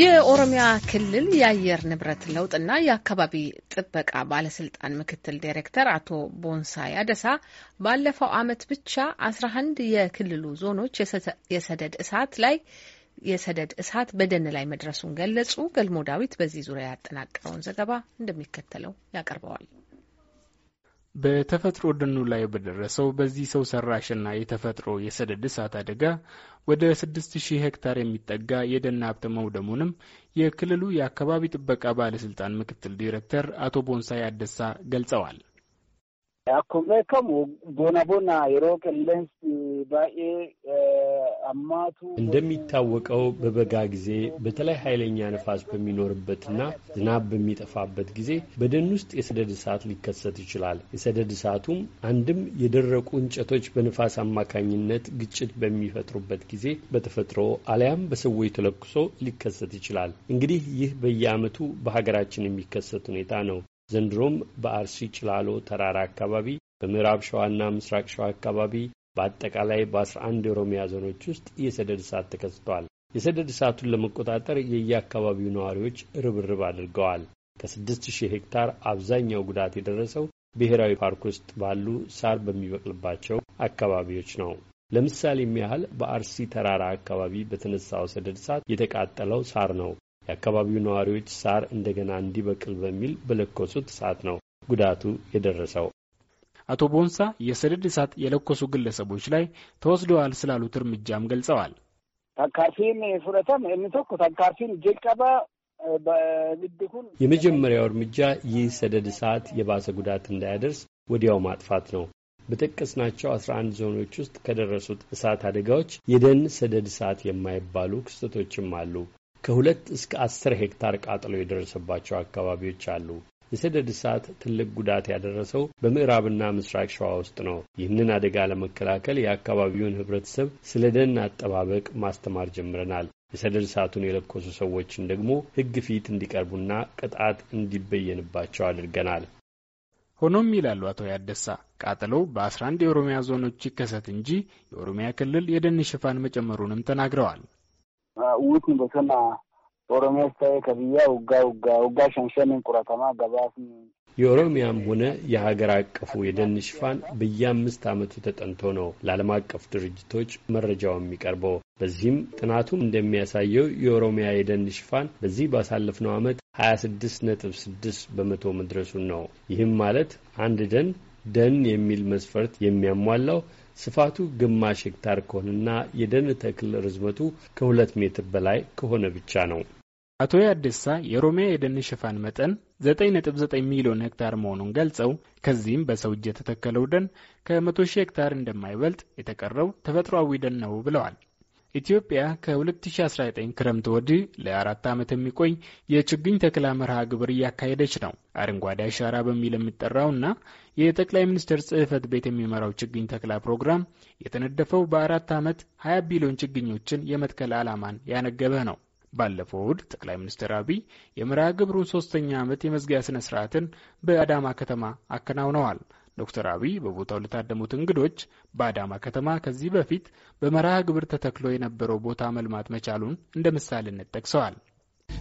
የኦሮሚያ ክልል የአየር ንብረት ለውጥና የአካባቢ ጥበቃ ባለስልጣን ምክትል ዳይሬክተር አቶ ቦንሳ ያደሳ ባለፈው ዓመት ብቻ አስራ አንድ የክልሉ ዞኖች የሰደድ እሳት ላይ የሰደድ እሳት በደን ላይ መድረሱን ገለጹ። ገልሞ ዳዊት በዚህ ዙሪያ ያጠናቀረውን ዘገባ እንደሚከተለው ያቀርበዋል። በተፈጥሮ ደኑ ላይ በደረሰው በዚህ ሰው ሰራሽና የተፈጥሮ የሰደድ እሳት አደጋ ወደ 6000 ሄክታር የሚጠጋ የደን ሀብት መውደሙንም የክልሉ የአካባቢ ጥበቃ ባለስልጣን ምክትል ዲሬክተር አቶ ቦንሳይ አደሳ ገልጸዋል። Akkuma beekamu ቦና ቦና yeroo qilleensi baay'ee eh, ammaatu እንደሚታወቀው በበጋ ጊዜ በተለይ ኃይለኛ ነፋስ በሚኖርበትና ዝናብ በሚጠፋበት ጊዜ በደን ውስጥ የሰደድ እሳት ሊከሰት ይችላል። የሰደድ እሳቱም አንድም የደረቁ እንጨቶች በንፋስ አማካኝነት ግጭት በሚፈጥሩበት ጊዜ በተፈጥሮ አሊያም በሰዎች ተለኩሶ ሊከሰት ይችላል። እንግዲህ ይህ በየዓመቱ በሀገራችን የሚከሰት ሁኔታ ነው። ዘንድሮም በአርሲ ጭላሎ ተራራ አካባቢ በምዕራብ ሸዋና ምስራቅ ሸዋ አካባቢ በአጠቃላይ በ11 የኦሮሚያ ዞኖች ውስጥ የሰደድ እሳት ተከስቷል። የሰደድ እሳቱን ለመቆጣጠር የየአካባቢው ነዋሪዎች ርብርብ አድርገዋል። ከ6000 ሄክታር አብዛኛው ጉዳት የደረሰው ብሔራዊ ፓርክ ውስጥ ባሉ ሳር በሚበቅልባቸው አካባቢዎች ነው። ለምሳሌም ያህል በአርሲ ተራራ አካባቢ በተነሳው ሰደድ እሳት የተቃጠለው ሳር ነው የአካባቢው ነዋሪዎች ሳር እንደገና እንዲበቅል በሚል በለኮሱት እሳት ነው ጉዳቱ የደረሰው። አቶ ቦንሳ የሰደድ እሳት የለኮሱ ግለሰቦች ላይ ተወስደዋል ስላሉት እርምጃም ገልጸዋል። ተካፊን ፍረተም የሚተኩ ተካፊን ጀቀበ የመጀመሪያው እርምጃ ይህ ሰደድ እሳት የባሰ ጉዳት እንዳያደርስ ወዲያው ማጥፋት ነው። በጠቀስናቸው 11 ዞኖች ውስጥ ከደረሱት እሳት አደጋዎች የደን ሰደድ እሳት የማይባሉ ክስተቶችም አሉ። ከሁለት እስከ አስር ሄክታር ቃጠሎ የደረሰባቸው አካባቢዎች አሉ። የሰደድ እሳት ትልቅ ጉዳት ያደረሰው በምዕራብና ምስራቅ ሸዋ ውስጥ ነው። ይህንን አደጋ ለመከላከል የአካባቢውን ህብረተሰብ ስለ ደን አጠባበቅ ማስተማር ጀምረናል። የሰደድ እሳቱን የለኮሱ ሰዎችን ደግሞ ህግ ፊት እንዲቀርቡና ቅጣት እንዲበየንባቸው አድርገናል። ሆኖም ይላሉ አቶ ያደሳ ቃጠሎው በ11 የኦሮሚያ ዞኖች ይከሰት እንጂ የኦሮሚያ ክልል የደን ሽፋን መጨመሩንም ተናግረዋል። uwwisni bosona ኦሮሜሳ ከብያ ውጋ ውጋ ውጋ ሸንሸንን ቁረተማ ገባፍኒ የኦሮሚያም ሆነ የሀገር አቀፉ የደን ሽፋን በየአምስት ዓመቱ ተጠንቶ ነው ለዓለም አቀፍ ድርጅቶች መረጃው የሚቀርበው። በዚህም ጥናቱም እንደሚያሳየው የኦሮሚያ የደን ሽፋን በዚህ ባሳለፍነው ዓመት ስድስት ነጥብ ስድስት በመቶ መድረሱን ነው። ይህም ማለት አንድ ደን ደን የሚል መስፈርት የሚያሟላው ስፋቱ ግማሽ ሄክታር ከሆነና የደን ተክል ርዝመቱ ከሁለት ሜትር በላይ ከሆነ ብቻ ነው። አቶ ያደሳ የኦሮሚያ የደን ሽፋን መጠን 9.9 ሚሊዮን ሄክታር መሆኑን ገልጸው ከዚህም በሰው እጅ የተተከለው ደን ከ100 ሺህ ሄክታር እንደማይበልጥ የተቀረው ተፈጥሯዊ ደን ነው ብለዋል። ኢትዮጵያ ከ2019 ክረምት ወዲህ ለአራት ዓመት የሚቆይ የችግኝ ተክላ መርሃ ግብር እያካሄደች ነው። አረንጓዴ አሻራ በሚል የሚጠራው እና የጠቅላይ ሚኒስትር ጽህፈት ቤት የሚመራው ችግኝ ተክላ ፕሮግራም የተነደፈው በአራት ዓመት 20 ቢሊዮን ችግኞችን የመትከል ዓላማን ያነገበ ነው። ባለፈው እሁድ ጠቅላይ ሚኒስትር አብይ የመርሃ ግብሩን ሶስተኛ ዓመት የመዝጊያ ስነ ስርዓትን በአዳማ ከተማ አከናውነዋል። ዶክተር አብይ በቦታው ለታደሙት እንግዶች በአዳማ ከተማ ከዚህ በፊት በመርሃ ግብር ተተክሎ የነበረው ቦታ መልማት መቻሉን እንደ ምሳሌነት ጠቅሰዋል።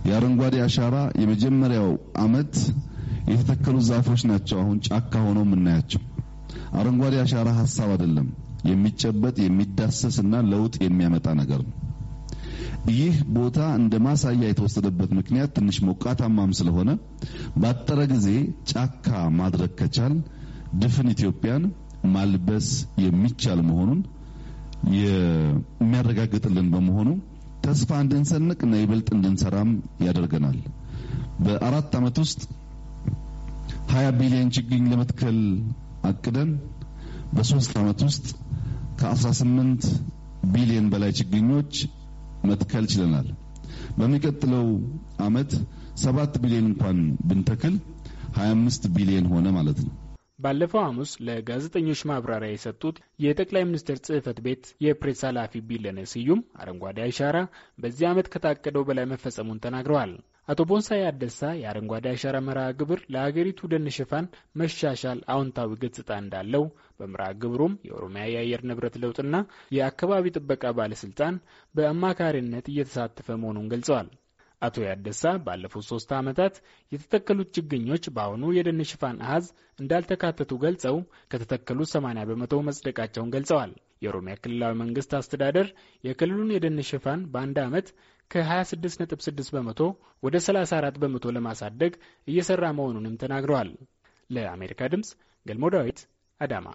የአረንጓዴ አሻራ የመጀመሪያው አመት የተተከሉ ዛፎች ናቸው። አሁን ጫካ ሆነው የምናያቸው አረንጓዴ አሻራ ሀሳብ አይደለም፣ የሚጨበጥ የሚዳሰስ እና ለውጥ የሚያመጣ ነገር ነው። ይህ ቦታ እንደ ማሳያ የተወሰደበት ምክንያት ትንሽ ሞቃታማም ስለሆነ ባጠረ ጊዜ ጫካ ማድረግ ከቻል ድፍን ኢትዮጵያን ማልበስ የሚቻል መሆኑን የሚያረጋግጥልን በመሆኑ ተስፋ እንድንሰንቅ እና ይበልጥ እንድንሰራም ያደርገናል። በአራት አመት ውስጥ 20 ቢሊዮን ችግኝ ለመትከል አቅደን በሶስት አመት ውስጥ ከ18 ቢሊዮን በላይ ችግኞች መትከል ችለናል። በሚቀጥለው አመት ሰባት ቢሊዮን እንኳን ብንተክል 25 ቢሊዮን ሆነ ማለት ነው። ባለፈው ሐሙስ ለጋዜጠኞች ማብራሪያ የሰጡት የጠቅላይ ሚኒስትር ጽህፈት ቤት የፕሬስ ኃላፊ ቢለነ ስዩም አረንጓዴ አሻራ በዚህ ዓመት ከታቀደው በላይ መፈጸሙን ተናግረዋል። አቶ ቦንሳይ አደሳ የአረንጓዴ አሻራ መርሃ ግብር ለሀገሪቱ ደን ሽፋን መሻሻል አዎንታዊ ገጽታ እንዳለው በመርሃ ግብሩም የኦሮሚያ የአየር ንብረት ለውጥና የአካባቢ ጥበቃ ባለስልጣን በአማካሪነት እየተሳተፈ መሆኑን ገልጸዋል። አቶ ያደሳ ባለፉት ሶስት ዓመታት የተተከሉት ችግኞች በአሁኑ የደን ሽፋን አሃዝ እንዳልተካተቱ ገልጸው ከተተከሉ 80 በመቶ መጽደቃቸውን ገልጸዋል። የኦሮሚያ ክልላዊ መንግስት አስተዳደር የክልሉን የደን ሽፋን በአንድ ዓመት ከ26.6 በመቶ ወደ 34 በመቶ ለማሳደግ እየሰራ መሆኑንም ተናግረዋል። ለአሜሪካ ድምፅ ገልሞ ዳዊት አዳማ